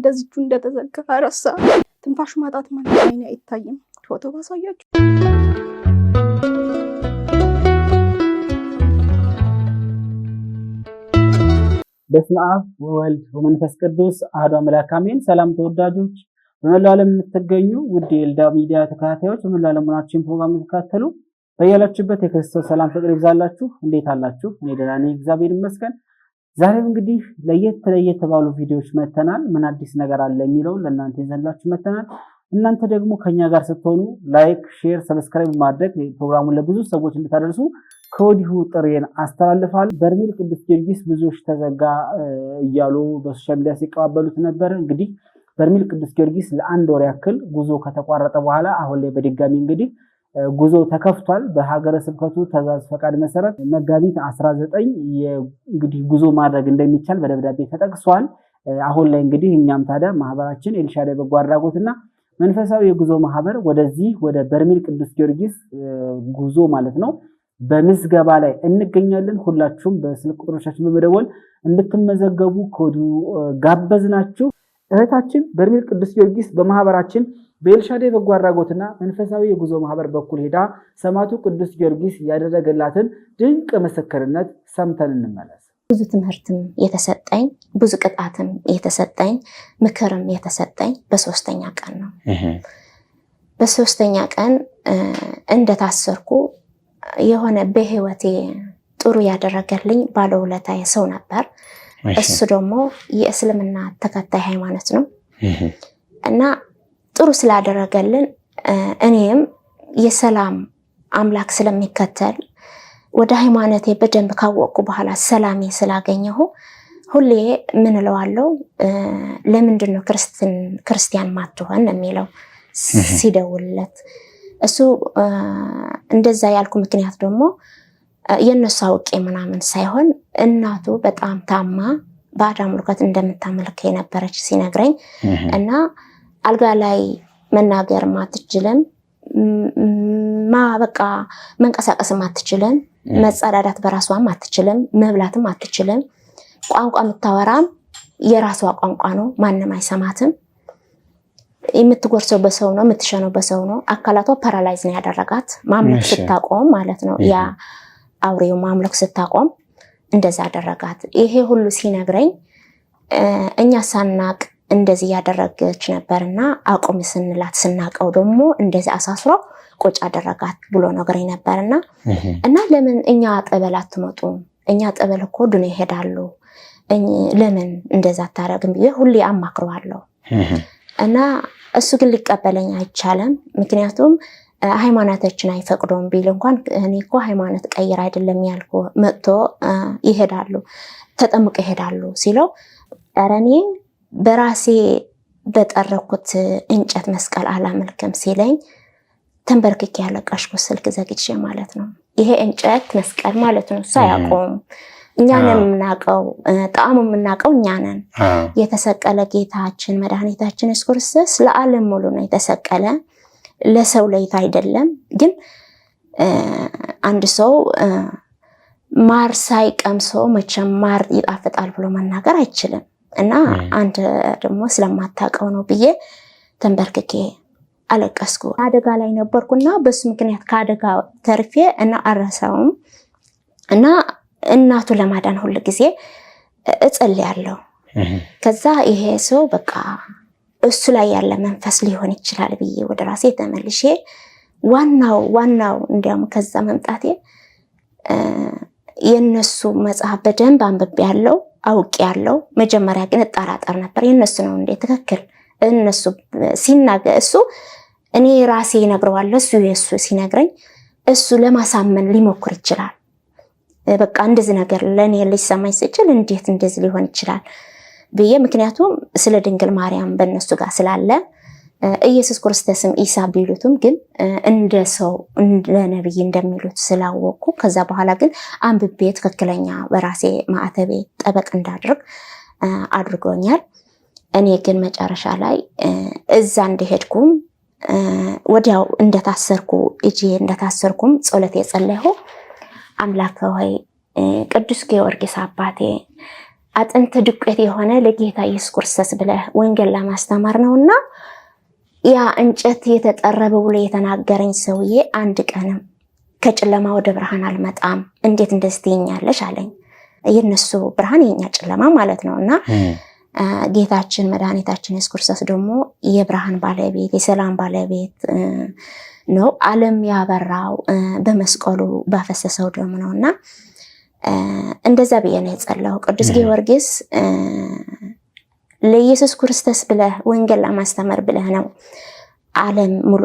እንደዚቹ እንደተዘጋ ረሳ። ትንፋሽ ማጣት ማለት አይኔ አይታይም። ፎቶ ባሳያችሁ በስመ አብ ወወልድ ወመንፈስ ቅዱስ አሐዱ አምላክ አሜን። ሰላም ተወዳጆች፣ በመላው ዓለም የምትገኙ ውድ የልዳ ሚዲያ ተከታታዮች፣ በመላው ዓለም ሆናችሁ ፕሮግራም የምትከታተሉ በያላችሁበት የክርስቶስ ሰላም ፍቅር ይብዛላችሁ። እንዴት አላችሁ? እኔ ደህና ነኝ፣ እግዚአብሔር ይመስገን። ዛሬም እንግዲህ ለየት ለየት ባሉ ቪዲዮዎች መተናል። ምን አዲስ ነገር አለ የሚለው ለእናንተ ይዘንላችሁ መተናል። እናንተ ደግሞ ከኛ ጋር ስትሆኑ ላይክ፣ ሼር፣ ሰብስክራይብ ማድረግ ፕሮግራሙን ለብዙ ሰዎች እንድታደርሱ ከወዲሁ ጥሬን አስተላልፋል። በርሜል ቅዱስ ጊዮርጊስ ብዙዎች ተዘጋ እያሉ በሶሻል ሚዲያ ሲቀባበሉት ነበር። እንግዲህ በርሜል ቅዱስ ጊዮርጊስ ለአንድ ወር ያክል ጉዞ ከተቋረጠ በኋላ አሁን ላይ በድጋሚ እንግዲህ ጉዞ ተከፍቷል። በሀገረ ስብከቱ ትእዛዝ ፈቃድ መሰረት መጋቢት 19 እንግዲህ ጉዞ ማድረግ እንደሚቻል በደብዳቤ ተጠቅሷል። አሁን ላይ እንግዲህ እኛም ታዲያ ማህበራችን ኤልሻዳይ በጎ አድራጎትና መንፈሳዊ የጉዞ ማህበር ወደዚህ ወደ በርሜል ቅዱስ ጊዮርጊስ ጉዞ ማለት ነው በምዝገባ ላይ እንገኛለን። ሁላችሁም በስልክ ቁጥሮቻችን በመደወል እንድትመዘገቡ ከወዲሁ ጋበዝናችሁ። እህታችን በርሜል ቅዱስ ጊዮርጊስ በማህበራችን በኤልሻዴ በጎ አድራጎትና መንፈሳዊ የጉዞ ማህበር በኩል ሄዳ ሰማዕቱ ቅዱስ ጊዮርጊስ ያደረገላትን ድንቅ ምስክርነት ሰምተን እንመለስ። ብዙ ትምህርትም የተሰጠኝ ብዙ ቅጣትም የተሰጠኝ ምክርም የተሰጠኝ በሶስተኛ ቀን ነው። በሶስተኛ ቀን እንደታሰርኩ የሆነ በህይወቴ ጥሩ ያደረገልኝ ባለውለታ ሰው ነበር። እሱ ደግሞ የእስልምና ተከታይ ሃይማኖት ነው እና ጥሩ ስላደረገልን እኔም የሰላም አምላክ ስለሚከተል ወደ ሃይማኖቴ በደንብ ካወቅኩ በኋላ ሰላሜ ስላገኘሁ ሁሌ ምን እለዋለሁ፣ ለምንድን ነው ክርስቲያን ማትሆን የሚለው ሲደውልለት እሱ እንደዛ ያልኩ ምክንያት ደግሞ የእነሱ አውቄ ምናምን ሳይሆን እናቱ በጣም ታማ በአዳም ውርቀት እንደምታመልከ የነበረች ሲነግረኝ እና አልጋ ላይ መናገር ማትችልም ማበቃ መንቀሳቀስ መንቀሳቀስም አትችልም፣ መጸዳዳት በራሷም አትችልም፣ መብላትም አትችልም። ቋንቋ የምታወራም የራሷ ቋንቋ ነው፣ ማንም አይሰማትም። የምትጎርሰው በሰው ነው፣ የምትሸነው በሰው ነው። አካላቷ ፓራላይዝ ነው ያደረጋት ማምለክ ስታቆም ማለት ነው ያ አውሬው ማምለክ ስታቆም እንደዛ አደረጋት። ይሄ ሁሉ ሲነግረኝ እኛ ሳናቅ እንደዚህ ያደረገች ነበርና እና አቁም ስንላት ስናቀው ደግሞ እንደዚህ አሳስሮ ቁጭ አደረጋት ብሎ ነግረኝ ነበር እና ለምን እኛ ጠበል አትመጡም? እኛ ጠበል እኮ ዱን ይሄዳሉ። ለምን እንደዛ አታደርግም ብዬ ሁሌ አማክረዋለሁ እና እሱ ግን ሊቀበለኝ አይቻለም። ምክንያቱም ሃይማኖታችን አይፈቅዶም ቢል እንኳን እኔ እኮ ሃይማኖት ቀይር አይደለም ያልኩ መጥቶ ይሄዳሉ ተጠምቀ ይሄዳሉ ሲለው ኧረ እኔ በራሴ በጠረኩት እንጨት መስቀል አላመልክም ሲለኝ ተንበርክክ ያለቀሽኩ ስልክ ዘግቼ ማለት ነው። ይሄ እንጨት መስቀል ማለት ነው። እሱ አያውቀውም። እኛ ነን የምናውቀው፣ ጣዕሙ የምናውቀው እኛ ነን። የተሰቀለ ጌታችን መድኃኒታችን ኢየሱስ ክርስቶስ ለዓለም ሙሉ ነው የተሰቀለ ለሰው ለይት አይደለም ግን አንድ ሰው ማር ሳይቀምሶ መቼም ማር ይጣፍጣል ብሎ መናገር አይችልም። እና አንድ ደግሞ ስለማታውቀው ነው ብዬ ተንበርክኬ አለቀስኩ። አደጋ ላይ ነበርኩና በሱ ምክንያት ከአደጋ ተርፌ እና አረሰውም እና እናቱ ለማዳን ሁል ጊዜ እጸልያለሁ። ከዛ ይሄ ሰው በቃ እሱ ላይ ያለ መንፈስ ሊሆን ይችላል ብዬ ወደ ራሴ ተመልሼ ዋናው ዋናው እንዲያውም ከዛ መምጣቴ የእነሱ መጽሐፍ በደንብ አንብቤ ያለው አውቅ ያለው መጀመሪያ ግን እጠራጠር ነበር። የእነሱ ነው እንዴ ትክክል? እነሱ ሲናገር እሱ እኔ ራሴ ይነግረዋለሁ እሱ የእሱ ሲነግረኝ እሱ ለማሳመን ሊሞክር ይችላል። በቃ እንደዚህ ነገር ለእኔ ሊሰማኝ ስችል እንዴት እንደዚህ ሊሆን ይችላል ብዬ ምክንያቱም ስለ ድንግል ማርያም በእነሱ ጋር ስላለ ኢየሱስ ክርስቶስም ኢሳ ቢሉትም ግን እንደ ሰው እንደ ነቢይ እንደሚሉት ስላወቅኩ ከዛ በኋላ ግን አንብቤ ትክክለኛ በራሴ ማዕተቤ ጠበቅ እንዳድርግ አድርጎኛል። እኔ ግን መጨረሻ ላይ እዛ እንደሄድኩም ወዲያው እንደታሰርኩ እጄ እንደታሰርኩም ጸሎት የጸለይሁ አምላክ ሆይ ቅዱስ ጊዮርጊስ አባቴ አጥንት ድቄት የሆነ ለጌታ ኢየሱስ ክርስቶስ ብለህ ወንጌል ለማስተማር ነውና ያ እንጨት የተጠረበ ብሎ የተናገረኝ ሰውዬ አንድ ቀንም ከጨለማ ወደ ብርሃን አልመጣም፣ እንዴት እንደዚህ ትይኛለሽ አለኝ። የነሱ ብርሃን የኛ ጨለማ ማለት ነው እና ጌታችን መድኃኒታችን ኢየሱስ ክርስቶስ ደግሞ የብርሃን ባለቤት የሰላም ባለቤት ነው። ዓለም ያበራው በመስቀሉ ባፈሰሰው ደሙ ነው እና እንደዛ ብዬ ነው የጸለሁ። ቅዱስ ጊዮርጊስ ለኢየሱስ ክርስቶስ ብለህ ወንጌል ለማስተማር ብለህ ነው ዓለም ሙሉ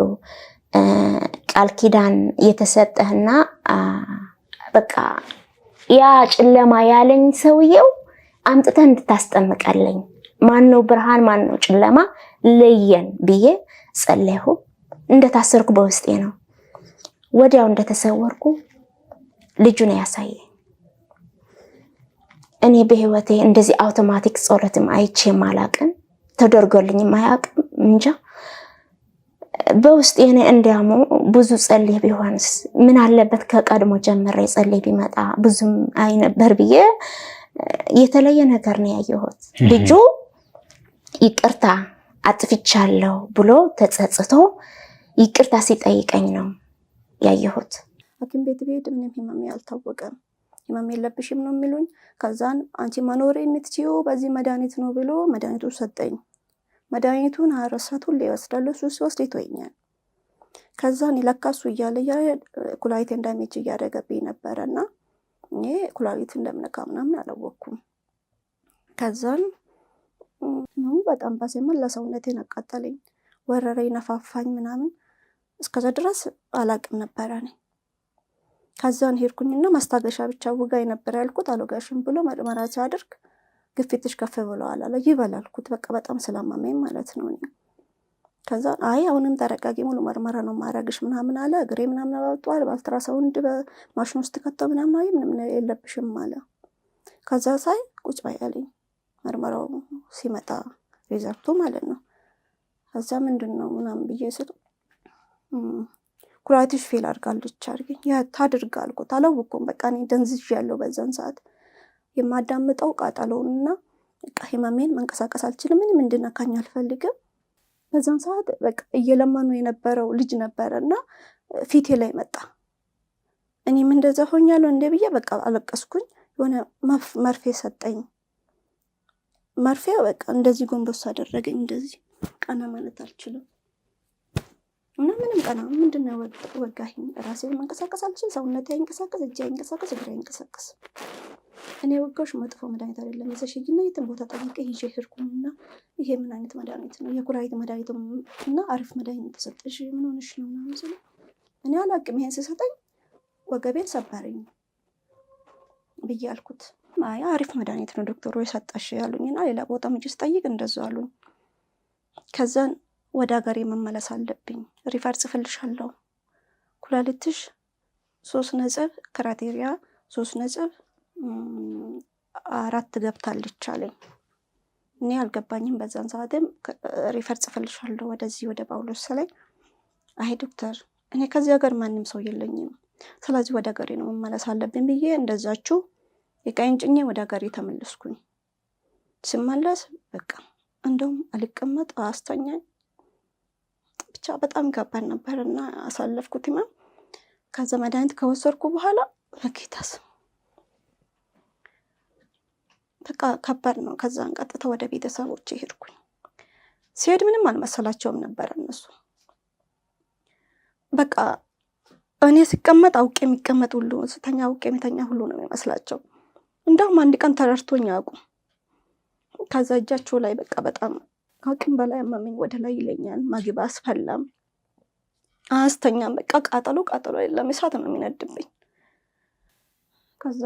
ቃል ኪዳን የተሰጠህና በቃ ያ ጨለማ ያለኝ ሰውየው አምጥተህ እንድታስጠምቀለኝ ማን ነው ብርሃን፣ ማን ነው ጨለማ ለየን ብዬ ጸለይሁ። እንደታሰርኩ በውስጤ ነው። ወዲያው እንደተሰወርኩ ልጁ ነው ያሳየ እኔ በህይወቴ እንደዚህ አውቶማቲክ ጸሎትም አይቼም አላቅም፣ ተደርጎልኝም አያቅም። እንጃ በውስጥ የኔ እንዲያሙ ብዙ ጸልይ ቢሆንስ ምን አለበት ከቀድሞ ጀምሬ ጸልይ ቢመጣ ብዙም አይነበር ብዬ የተለየ ነገር ነው ያየሁት። ልጁ ይቅርታ አጥፍቻለሁ ብሎ ተጸጽቶ ይቅርታ ሲጠይቀኝ ነው ያየሁት። ሐኪም ቤት ብሄድ ምንም ህመም ያልታወቀም ህመም የለብሽም ነው የሚሉኝ። ከዛን አንቺ መኖር የምትችው በዚህ መድኃኒት ነው ብሎ መድኃኒቱ ሰጠኝ። መድኃኒቱን አረሳት ሁሌ ይወስዳለሁ። እሱ ሲወስድ ይቶኛል። ከዛን ለካ እያለ እያለ ኩላሊት እንዳሜጅ እያደረገብኝ ነበረ እና እኔ ኩላሊት እንደምነካ ምናምን አላወቅኩም። ከዛን በጣም ባሴ መላ ሰውነቴን አቃጠለኝ፣ ወረረኝ፣ ነፋፋኝ ምናምን እስከዛ ድረስ አላቅም ነበረ ነኝ ከዛን ሄድኩኝና ማስታገሻ ብቻ ውጋይ ነበር ያልኩት አልወጋሽም ብሎ ምርመራ ሲያደርግ ግፊትሽ ከፍ ብለዋል አለ። ይበል አልኩት በቃ በጣም ስላመመኝ ማለት ነው። ከዛ አይ አሁንም ተረጋጊ፣ ሙሉ ምርመራ ነው ማረግሽ ምናምን አለ። እግሬ ምናምን አባብጧል፣ በአልትራሳውንድ በማሽን ውስጥ ከተው ምናምን አይ ምንም የለብሽም አለ። ከዛ ሳይ ቁጭ በይ አለኝ፣ ምርመራው ሲመጣ ሪዘርቱ ማለት ነው። ከዛ ምንድን ነው ምናምን ብዬ ስለው ኩራትሽ ፌል አድርጋለች አድርገኝ ታድርግ አልኩት። አላወኩም በቃ እኔ ደንዝዥ ያለው በዛን ሰዓት የማዳምጠው ቃጠሎውንና በቃ ህመሜን መንቀሳቀስ አልችልም። ምንም እንድነካኝ አልፈልግም። በዛን ሰዓት በቃ እየለመኑ የነበረው ልጅ ነበረ እና ፊቴ ላይ መጣ። እኔም እንደዛ ሆኛለሁ እንደ ብዬ በቃ አለቀስኩኝ። የሆነ መርፌ ሰጠኝ። መርፌ በቃ እንደዚህ ጎንበሱ አደረገኝ። እንደዚህ ቀና ማለት አልችልም። እና ምንም ቀና ምንድነው ወጋኝ። ራሴ መንቀሳቀስ አልችል፣ ሰውነት አይንቀሳቀስ፣ እጅ አይንቀሳቀስ፣ እግር አይንቀሳቀስ። እኔ ወጋሽ መጥፎ መድኃኒት አይደለም። የዘሽግና የትን ቦታ ጠይቄ ይዤ ሄድኩኝና ይሄ ምን አይነት መድኃኒት ነው? የኩላሊት መድኃኒት እና አሪፍ መድኃኒት ተሰጠሽ፣ ምን ሆነሽ ነው ምናምን ስለው እኔ አላቅም፣ ይሄን ስሰጠኝ ወገቤን ሰበረኝ ብዬ አልኩት። አይ አሪፍ መድኃኒት ነው ዶክተሩ የሰጠሽ ያሉኝና ሌላ ቦታ ምጭ ስጠይቅ እንደዛ አሉኝ። ከዛን ወደ ሀገሬ መመለስ አለብኝ። ሪፈር ጽፍልሻለሁ። ኩላሊትሽ ሶስት ነጥብ ክራቴሪያ ሶስት ነጥብ አራት ገብታለች አለኝ። እኔ አልገባኝም። በዛን ሰዓትም ሪፈር ጽፍልሻለሁ ወደዚህ ወደ ጳውሎስ ስላኝ፣ አይ ዶክተር እኔ ከዚህ ሀገር ማንም ሰው የለኝም፣ ስለዚህ ወደ ሀገሬ ነው መመለስ አለብኝ ብዬ እንደዛችሁ የቃይን ጭኜ ወደ ሀገሬ ተመለስኩኝ። ስመለስ በቃ እንደውም አልቀመጥ አስተኛኝ ብቻ በጣም ከባድ ነበር እና አሳለፍኩት ህመም። ከዛ መድኃኒት ከወሰድኩ በኋላ በጌታስ በቃ ከባድ ነው። ከዛን ቀጥታ ወደ ቤተሰቦች ሄድኩኝ። ሲሄድ ምንም አልመሰላቸውም ነበር እነሱ በቃ እኔ ሲቀመጥ አውቄ የሚቀመጥ ሁሉ ስተኛ አውቄ የሚተኛ ሁሉ ነው የሚመስላቸው። እንደውም አንድ ቀን ተረድቶኝ አያውቁም። ከዛ እጃቸው ላይ በቃ በጣም ከአቅም በላይ አመመኝ፣ ወደ ላይ ይለኛል፣ ምግብ አስፈላም፣ አያስተኛም። በቃ ቃጠሎ ቃጠሎ የለም እሳት ነው የሚነድብኝ። ከዛ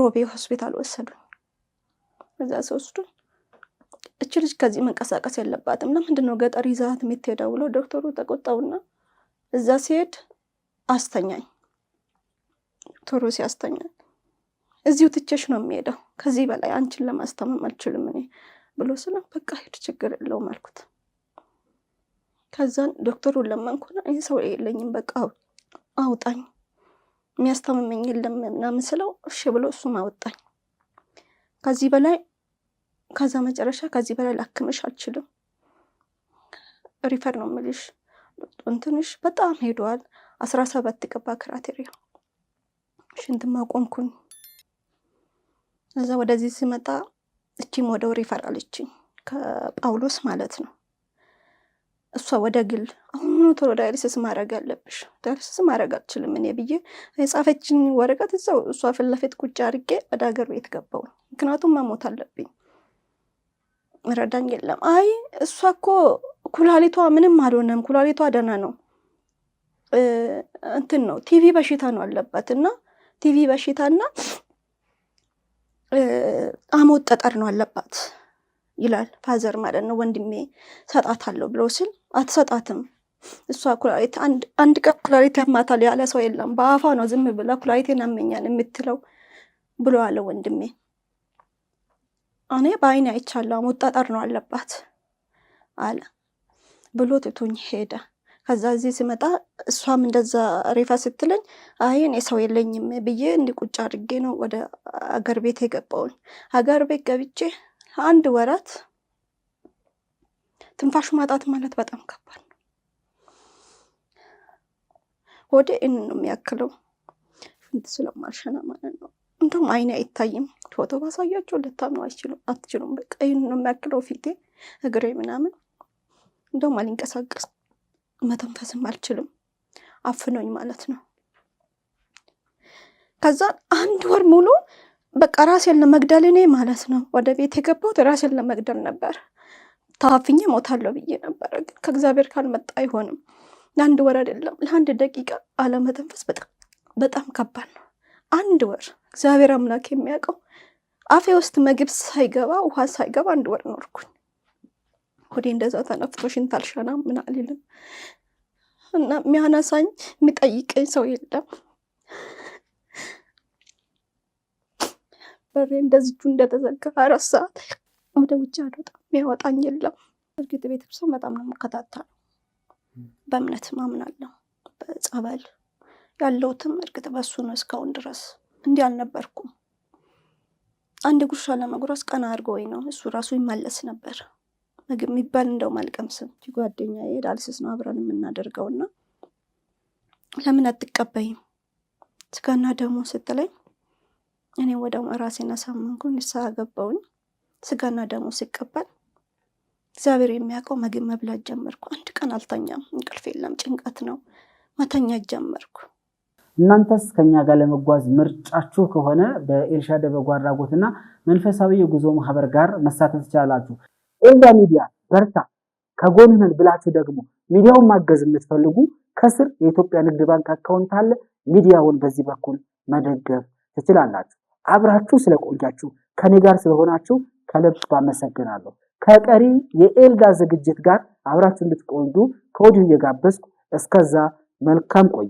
ሮቤ ሆስፒታል ወሰዱኝ። እዛ ሲወስዱኝ እች ልጅ ከዚህ መንቀሳቀስ የለባትም ለምንድን ነው ገጠር ይዛት የምትሄደው ብሎ ዶክተሩ ተቆጣውና እዛ ሲሄድ አስተኛኝ። ዶክተሩ ሲያስተኛኝ እዚሁ ትቼሽ ነው የሚሄደው ከዚህ በላይ አንቺን ለማስታመም አልችልም እኔ ብሎ ስለው በቃ ሂድ ችግር የለውም አልኩት። ከዛን ዶክተሩን ለመንኩና ይህ ሰው የለኝም በቃ አውጣኝ የሚያስታምመኝ የለም ምናምን ስለው እሺ ብሎ እሱም አወጣኝ። ከዚህ በላይ ከዛ መጨረሻ ከዚህ በላይ ላክምሽ አልችልም፣ ሪፈር ነው የምልሽ። እንትንሽ በጣም ሄደዋል። አስራ ሰባት ቅባ ክራቴሪያ ሽንት እዛ ወደዚህ ሲመጣ እቺም ወደ ሪፈራልችኝ ከጳውሎስ ማለት ነው። እሷ ወደ ግል አሁኑ ቶሎ ዳያሊሲስ ማድረግ ያለብሽ ዳያሊሲስ ማድረግ አልችልም እኔ ብዬ የጻፈችን ወረቀት እዛው እሷ ፊት ለፊት ቁጭ አድርጌ ወደ ሀገር ቤት ገባው። ምክንያቱም መሞት አለብኝ፣ ረዳኝ የለም። አይ እሷ እኮ ኩላሊቷ ምንም አልሆነም፣ ኩላሊቷ ደህና ነው። እንትን ነው ቲቪ በሽታ ነው አለባት እና ቲቪ በሽታ በሽታና አሞት ጠጠር ነው አለባት ይላል ፋዘር ማለት ነው። ወንድሜ ሰጣት አለው ብሎ ሲል አትሰጣትም። እሷ ኩላሊት አንድ ቀን ኩላሊት ያማታል ያለ ሰው የለም። በአፋ ነው ዝም ብላ ኩላሊቴን አመኛል የምትለው ብሎ አለ ወንድሜ። እኔ በአይን አይቻለሁ አሞት ጠጠር ነው አለባት አለ ብሎ ትቶኝ ሄደ። ከዛ እዚህ ስመጣ እሷም እንደዛ ሬፋ ስትለኝ አይ እኔ ሰው የለኝም ብዬ እንዲቁጭ አድርጌ ነው ወደ አገር ቤት የገባውን። አገር ቤት ገብቼ አንድ ወራት ትንፋሽ ማጣት ማለት በጣም ከባድ ነው። ወደ እን ነው የሚያክለው ሽንት ስለማልሸና ማለት ነው። እንደውም አይኔ አይታይም። ፎቶ ባሳያቸው ልታምኑ አይችሉም አትችሉም። በቃ ይህን ነው የሚያክለው ፊቴ፣ እግሬ ምናምን እንደውም አልንቀሳቀስ መተንፈስም አልችልም። አፍኖኝ ማለት ነው። ከዛ አንድ ወር ሙሉ በቃ ራሴን ለመግደል እኔ ማለት ነው ወደ ቤት የገባሁት ራሴን ለመግደል ነበር። ታፍኜ ሞታለሁ ብዬ ነበረ። ግን ከእግዚአብሔር ካልመጣ አይሆንም። ለአንድ ወር አይደለም ለአንድ ደቂቃ አለመተንፈስ በጣም ከባድ ነው። አንድ ወር እግዚአብሔር አምላክ የሚያውቀው አፌ ውስጥ ምግብ ሳይገባ ውሃ ሳይገባ አንድ ወር ኖርኩኝ። ሆዴ እንደዛ ተነፍቶ ሽንት አልሸና ምን አልልም እና የሚያነሳኝ የሚጠይቀኝ ሰው የለም። በሬ እንደዚህ እጁ እንደተዘጋ አራት ሰዓት ወደ ውጭ አልወጣም፣ የሚያወጣኝ የለም። እርግጥ ቤተክርስቲያን በጣም ነው የምከታተለው፣ በእምነት አለው። በጸበል ያለውትም እርግጥ በሱ ነው። እስካሁን ድረስ እንዲህ አልነበርኩም። አንድ ጉርሻ ለመጉረስ ቀና ወይ ነው። እሱ ራሱ ይመለስ ነበር። ምግብ የሚባል እንደው አልቀምስም። ጓደኛ ዳልስስ ነው አብረን የምናደርገው እና ለምን አትቀበይም ስጋና ደሙ ስትለኝ እኔ ወደ ራሴን አሳመንኩኝ፣ ንስሐ ገባውኝ። ስጋና ደሙ ሲቀበል እግዚአብሔር የሚያውቀው ምግብ መብላት ጀመርኩ። አንድ ቀን አልተኛም፣ እንቅልፍ የለም፣ ጭንቀት ነው። መተኛት ጀመርኩ። እናንተስ ከኛ ጋር ለመጓዝ ምርጫችሁ ከሆነ በኤልሻዳይ በጎ አድራጎትና መንፈሳዊ የጉዞ ማህበር ጋር መሳተፍ ትችላላችሁ። ኤልዳ ሚዲያ በርታ ከጎንህን ብላችሁ ደግሞ ሚዲያውን ማገዝ የምትፈልጉ ከስር የኢትዮጵያ ንግድ ባንክ አካውንት አለ። ሚዲያውን በዚህ በኩል መደገፍ ትችላላችሁ። አብራችሁ ስለቆያችሁ ከኔ ጋር ስለሆናችሁ ከልብ አመሰግናለሁ። ከቀሪ የኤልዳ ዝግጅት ጋር አብራችሁ እንድትቆዩ ከወዲሁ እየጋበዝኩ እስከዛ መልካም ቆዩ።